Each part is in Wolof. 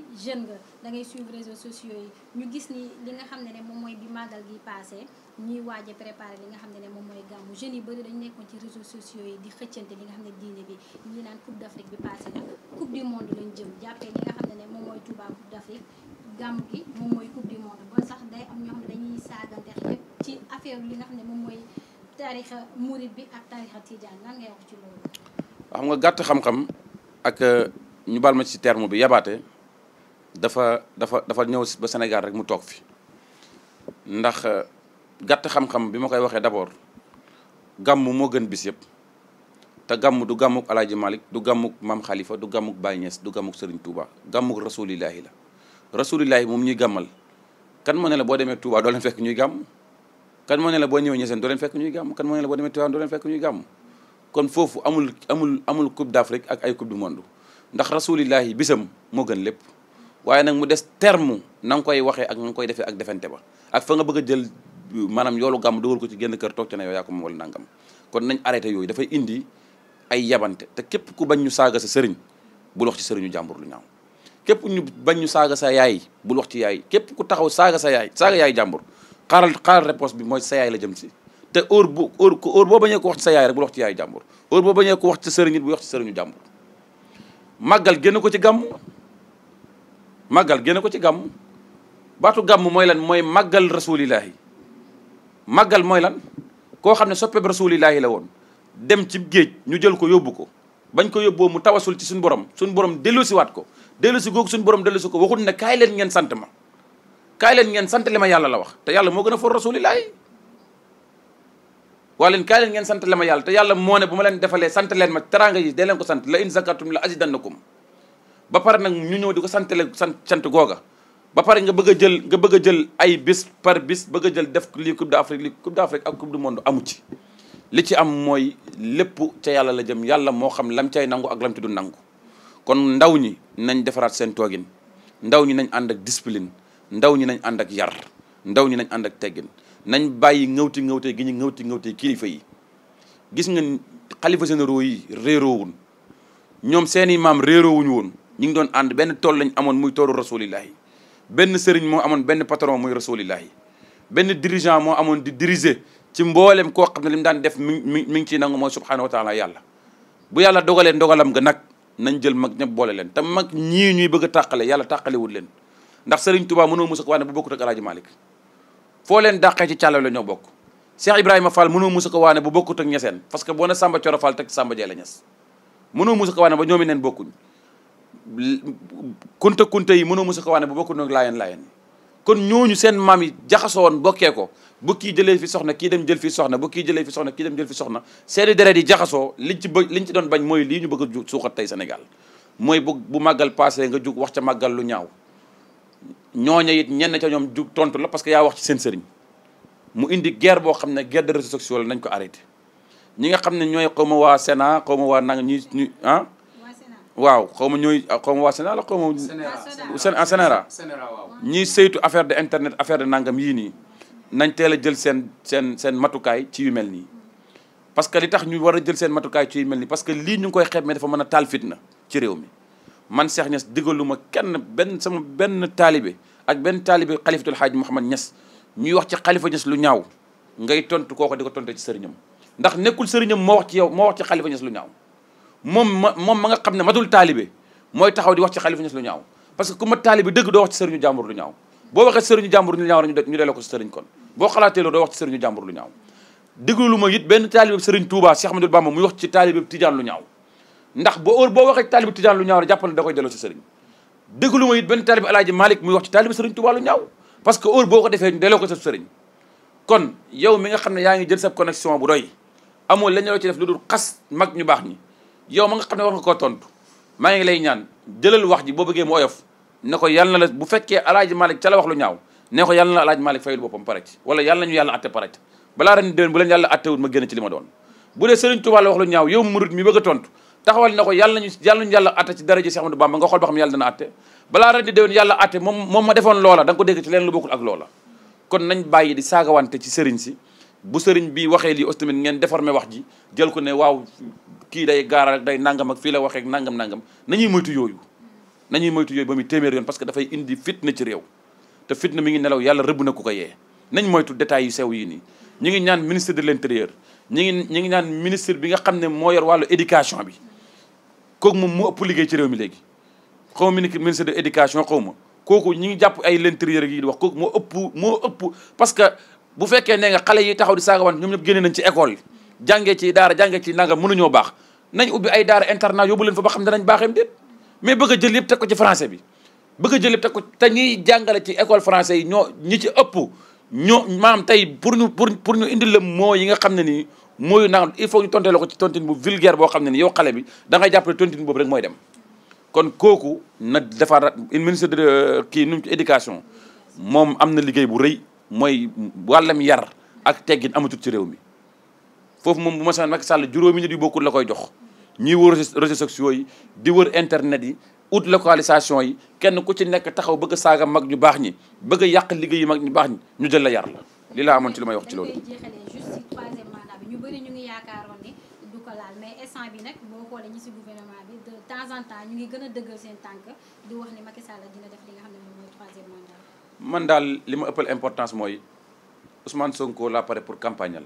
aussi jeune nga da ngay suivre sociaux yi ñu gis ni li nga xam ne ne moom mooy bi màggal gi passé ñuy waaj a préparer li nga xam ne ne moom mooy gàmmu jeunes yi bëri dañ nekkoon ci réseaux sociaux yi di xëccante li nga xam ne diine bi ñi naan coupe d' afrique bi passé na coupe du monde lañ jëm jàppee li nga xam ne ne moom mooy Touba coupe d' afrique gi moom mooy coupe du monde ba sax day am ñoo xam ne dañuy saagante xeet ci affaire li nga xam ne moom bi ak taarixa xam nga gàtt xam ak euh, ñu baal ma ci terme bi yabaate dafa dafa dafa ñëw ba Sénégal rek mu toog fi ndax euh, gàtt xam-xam bi ma koy waxee d'abord gàmm moo gën bis yëpp te gàmm du gàmmuk alaaji Malick du gàmmuk maam xalifa du gàmmuk Baye Niass du gàmmuk Serigne Touba gàmmuk rasulillahi la rasulillahi moom ñuy gàmmal kan moo ne la boo demee Touba doo leen fekk ñuy gàmm kan moo ne la boo ñëwee Niassène doo leen fekk ñuy gàmm kan moo ne la boo demee Touba doo leen fekk ñuy gàmm kon foofu amul amul amul coupe d'Afrique ak ay coupe du monde ndax rasulillahi bisam moo gën lépp waaye nag mu des terme na nga koy waxee ak na nga koy defee ak defante ba ak fa nga bëgg a jël maanaam yoolu gàmm dugal ko ci génn kër toog ci na yow yaa ko moom wala nangam kon nañ arrêté yooyu dafay indi ay yabante te képp ku bañ ñu saaga sa sëriñ bul wax ci sëriñu jàmbur lu ñaaw képp ñu bañ ñu saaga sa yaay bul wax ci yaay képp ku taxaw saaga sa yaay saaga yaay jàmbur xaaral xaaral réponse bi mooy sa yaay la si te heure bu heure heure boo bañee ko wax ci sa yaay rek bul ci yaay jàmbur heure boo bañee ko wax ci sëriñ it bu wax ci sëriñu jàmbur màggal génn ko ci gàmm màggal génne ko ci gàmm baatu gàmm mooy lan mooy màggal rasulillahi màggal mooy lan koo xam ne soppeeb rasulillahi la woon dem ci géej ñu jël ko yóbbu ko bañ ko yóbboo mu tawasul ci suñ borom suñu borom dellusi waat ko dellusi googu suñu borom dellusi ko waxut ne kaay leen ngeen sant ma kaay leen ngeen sant li ma yàlla la wax te yàlla moo gën a for rasulillahi waa leen kaay leen ngeen sant li ma yàlla te yàlla moo ne bu ma leen defalee sant leen ma teraanga yi dee leen ko sant la in zakatum la azidannakum ba pare nag ñu ñëw di ko santale sant sant googa ba pare nga bëgg a jël nga bëgg a jël ay bis par bis bëgga jël def lii coupe d'Afrique lii coupe d'Afrique ak coupe du li ci am mooy lépp ca yàlla la jëm yàlla moo xam lam cay nangu ak lam ci du nangu kon ndaw ñi nañ defaraat seen toogin ndaw ñi nañ ànd ak discipline ndaw ñi nañ ànd ak yar ndaw ñi nañ ànd ak teggin nañ bàyyi ngawti ngawte gi ñu ngawti ngawte kilifa yi gis nga xalifa généraux yi réeroowun ñoom seeni maam réeroowuñu woon ñi ngi doon ànd benn tool lañ amoon muy toolu rasulillahi benn sëriñ moo amoon benn patron muy rasulillahi benn dirigeant moo amoon di diriger ci mboolem koo li mu daan def mi mi ngi ciy nangu mooy subhanahu wa taala yàlla bu yàlla dogalee ndogalam nga nag nañ jël mag ñëpp boole leen te mag ñii ñuy bëgg a tàqale yàlla tàqalewul leen ndax sëriñ Tuubaa mënoo musa ko waane bu bokkut ak alaaji Malick foo leen dàqee ci càllale la ñoo bokk Cheikh Ibrahima Fall mënoo musa ko waane bu bokkut ak parce que boo ne Samba Coro Fall teg Samba Jeey la ñes mënoo musa ko waane ba ñoomi neen bokkuñ kunta kunta yi mënoo mësa ko wax ne bu bokku nag laayeen laayeen kon ñooñu seen maam yi jaxasoo woon bokkee bu kii jëlee fi soxna kii dem jël fi soxna bu jëlee fi soxna kii dem jël fi soxna seeni deret yi jaxasoo liñ ci liñ ci doon bañ mooy lii ñu bëgg a suuxat tey Sénégal mooy bu bu màggal passé nga jug wax ca màggal lu ñaaw ñooña it ñenn ca ñoom jug tontu la parce que yaa wax ci seen sëriñ mu indi guerre boo xam ne guerre de réseaux sociaux la nañ ko arrêté ñi nga xam ne ñooy xaw ma waa Sénat xaw ma waa nanga ñuy ñu ah waaw xaw ma ñooy xaw ma waa Sénégal la xaw ma. Sénégal ah, Sénégal ñiy affaire de internet affaire de nangam yii nii nañ teel a jël seen seen seen matukaay ci yu mel nii. parce que li tax ñu war a jël seen matukaay ci yu mel nii parce que lii ñu ngi koy xeeb mais dafa mën a taal fitna ci réew mi. man Cheikh Niass digaluma kenn benn sama benn taalibe ak benn taalibe xalifatul xaaj Mouhamad Niass ñuy wax ci xalifa Niass lu ñaaw ngay tontu kooku di ko tontu ci sëriñam ndax nekkul sëriñam moo wax ci yow moo wax ci xalifa Niass lu ñaaw. moom ma moom ma nga xam ne matul taalibe mooy taxaw di wax ci Khalifa Niass lu ñaaw que ku ma taalibe dëgg doo wax ci sëriñu jàmbur lu ñaaw boo waxee sëriñu jàmbur lu ñaaw rek ñu delloo ko si sëriñ kon boo xalaatee loolu doo wax ci sëriñu jàmbur lu ñaaw déglu lu ma it benn taalibe sëriñ Touba Cheikh waxee taalibe Tidiane lu ñaaw rek jàpp na da koy ma it benn taalibe Alaaji muy wax ci taalibe sëriñ lu ñaaw parce que heure boo ko defee ñu delloo ko sëriñ kon yow mi nga xam ne yaa ngi jël sa connexion bu doy amul lañ la ci def lu dul xas mag ñu baax ñi yow ma nga xam ne war nga koo tontu maa ngi lay ñaan jëlal wax ji boo bëggee mu oyof ne ko yàlla na la bu fekkee alaaji Malick ca la wax lu ñaaw ne ko yàlla na alaaji Malick fayul boppam pare ci wala yàlla nañu yàlla atte pare ci balaa ren déwén bu leen yàlla attewul ma génn ci li ma doon bu dee la wax lu ñaaw yow murid mi a tontu taxawal na ko yàlla nañu yàlla nañu yàlla atte ci dara ji Cheikh Amadou Bamba nga xool ba xam yàlla dana atte balaa ren di déwén yàlla atte moom moom ma defoon loola da ko dégg ci leen lu bokkul ak loola kon nañ bàyyi di saagawante ci sëriñ si bu sëriñ bi waxee li aussi tamit ngeen déformé wax ji jël ko waaw kii day gaaral day nangam ak fii la waxee nangam nangam nañuy moytu yooyu nañuy moytu yooyu ba muy téeméer yoon parce que dafay indi fitna ci réew te fitna mi ngi nelaw yàlla rëbb na ko ko yee nañ moytu détails yu sew yi nii ñi ngi ñaan ministre de l'intérieur ñi ngi ñi ngi ñaan ministre bi nga xam ne moo yor wàllu éducation bi kooku moom mu ëpp liggéey ci réew mi léegi xaw ma ministre de l'éducation xaw ma kooku ñi ngi jàpp ay l'intérieur yi di wax kooku moo ëpp moo ëpp parce que bu fekkee ne nga xale yi taxaw di saaga wan ñoom ñëpp génne nañ ci école yi jàngee ci daara jàngee ci nangam mënuñoo baax nañ ubbi ay daara internat yoobu leen fa ba xam danañ baaxeem déet mais bëgg a jël yëpp teg ko ci français bi bëgg a jël yëpp teg ko te ñuy jàngale ci école français yi ñoo ñi ci ëpp ñoo maam tey pour ñu pour pour ñu indil la moo yi nga xam ne ni mooyu naan il faut ñu tontee la ko ci tontine bu vulgaire boo xam ne ni yow xale bi da ngay jàppale tontine boobu rek mooy dem kon kooku na defar ministre de kii nu mu ci éducation moom am na liggéey bu rëy mooy wàllam yar ak teggin amatul ci réew mi foofu moom bu ma saan Macky Sall juróomi nit yu bokkul la koy jox ñiy wër réseaux sociaux yi di wër internet yi ut localisation yi kenn ku ci nekk taxaw bëgg a saaga mag ñu baax ñi bëgg yàq liggéey yi mag ñu baax ñu jël la yar la li laa amoon ci li may wax ci loolu mais instant bi nag boo xoolee ñi ci gouvernement bi de temps en temps ñu ngi gën dëggal seen tànk di wax ni Macky Sall dina def li nga xam ne moom mooy man daal li ma ëppal importance mooy Ousmane Sonko laa pare pour campagnal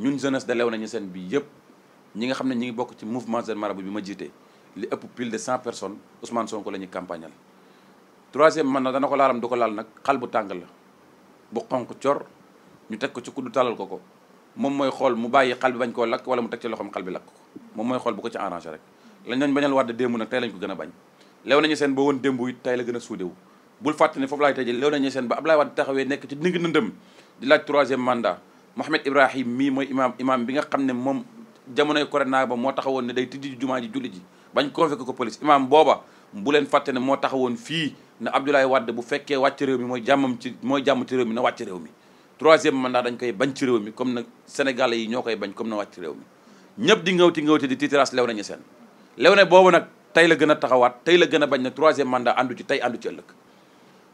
ñun jeunesse de lew nañu seen bi yëpp ñi nga xam ne ñi ngi bokk ci mouvement Sen Marabout bi ma jiite li ëpp pile de cent personnes Ousmane Sonko la ñuy campagnal troisième man na dana ko laalam du ko laal nag xal bu tàng la bu xonq cor ñu teg ko ci kuddu talal ko ko moom mooy xool mu bàyyi xal bi bañ koo lakk wala mu teg ci loxoom xal bi lakk ko moom mooy xool bu ko ci arrangé rek lañ lañ bañal Wade démb nag tey lañ ko gën a bañ lew nañu seen ba woon démb tey la gën a suudewu bul fàtte ne foofu laay tëjee lew nañu seen ba Abdoulaye Wade taxawee nekk ci digg ndëndëm di laaj troisième mandat Mohamed Ibrahim mii mooy imaam imaam bi nga xam ne moom jamonoy corona ba moo taxawoon ne day tijji jumaa ji julli ji bañ convoqué ko police imaam booba bu leen fàtte ne moo taxawoon fii ne Abdoulaye Wade bu fekkee wàcc réew mi mooy jàmmam ci mooy jàmm ci réew mi na wàcc réew mi troisième mandat dañ koy bañ ci réew mi comme na Sénégalais yi ñoo koy bañ comme na wàcc réew mi ñëpp di ngawti ngawti di tiitiraas lew nañu seen lew ne boobu nag tey la gën a taxawaat tey la gën a bañ ne troisième mandat àndu ci tey àndu ci ëllëg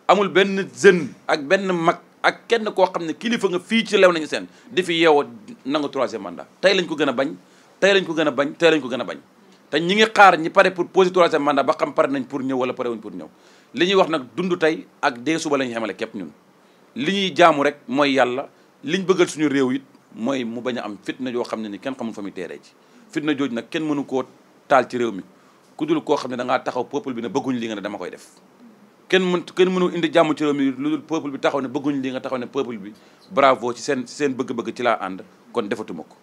amul benn jeune ak benn mag ak kenn koo xam ne kilifa nga fii ci lew nañu seen di fi yeewoo nangu troisième mandat tey lañ ko gën a bañ tey lañ ko gën a bañ tey lañ ko gën a bañ te ñi ngi xaar ñi pare pour poser troisième mandat ba xam pare nañ pour ñëw wala pare wuñ pour ñëw li ñuy wax nag dund tey ak dee suba la ñuy xamale képp ñun li ñuy jaamu rek mooy yàlla liñ bëggal suñu réew it mooy mu bañ a am fitna yoo xam ne ni kenn xamul fa muy teeree ci fitna jooj nag kenn mënu koo taal ci réew mi ku dul koo xam ne da taxaw peuple bi ne bëgguñ li nga ne koy def kenn mën kenn mënu indi jàmm ci réew mi lu dul peuple bi taxaw ne bëgguñ li nga taxaw ne peuple bi bravo ci seen seen bëgg-bëgg ci laa ànd kon defatuma ko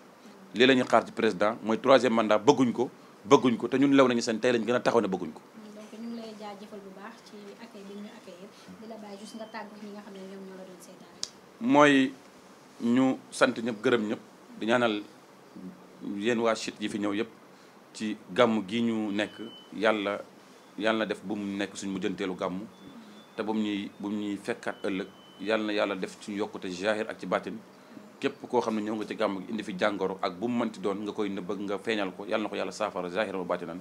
lii la ñuy xaar ci président mooy troisième mandat bëgguñ ko bëgguñ ko te ñun lew nañu seen tey lañ gën a taxaw ne bëgguñ ko mm, ñu sant ñëpp gërëm ñëpp di ñaanal yéen waa chit yi fi ñëw yëpp ci gàmm gi ñu nekk yàlla yàlla na def bu mu nekk suñ mujjanteelu gàmm te bu mu ñuy bu ñuy fekkaat ëllëg yàlla na yàlla def suñu yokkute jaahir ak ci baatin képp koo xam ne ñëw nga ci gàmm gi indi fi jàngoro ak bu mu mënti doon nga koy nëbb nga feeñal ko yàlla na ko yàlla saafara jaahir wa baatinan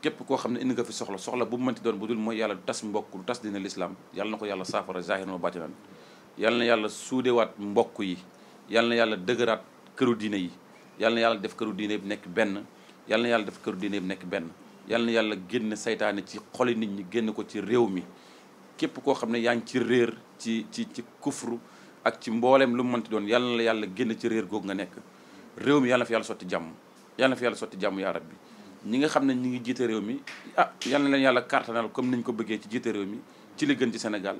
képp koo xam ne indi nga fi soxla soxla bu mënti doon bu dul mooy yàlla tas mbokk du tas lislaam yàlla na yàlla saafara jaahir wa baatinan na yàlla suudewaat mbokk yi yàlla na yàlla dëgëraat këru diine yi yàlla na yàlla def këru diine bu nekk benn yàlla na yàlla def këru diine bi nekk benn yal na yàlla génn saytaane ci xoli nit ñi génn ko ci réew mi képp koo xam ne yaa ngi ci réer ci ci ci kufru ak ci mbooleem lu mu mënti doon yal la yàlla génn ci réer googu nga nekk réew mi yal sotti jàmm yal na fi yàlla sotti ñi nga xam ne ñi ngi jiite réew mi ah yal na leen yàlla kartanal comme niñ ko bëggee ci jiite réew mi ci li gën ci Sénégal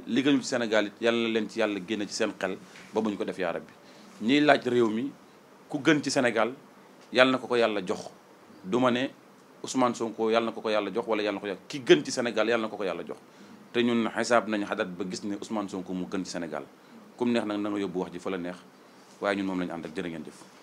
na leen ci yàlla génn ci seen xel ba muñ ko def yaa bi ñii laaj réew mi ku gën ci senegal yal na ko ko yàlla jox duma ne Ousmane Sonko yàlla na ko ko yàlla jox wala yàlla na ko yàlla ki gën ci Sénégal yàlla na ko ko yàlla jox te ñun xisaab nañu xadaat ba gis ne Ousmane Sonko mu gën ci Sénégal comme neex nag na nga yóbbu wax ji fa la neex waaye ñun moom lañu ànd ak jërë ngeen jëf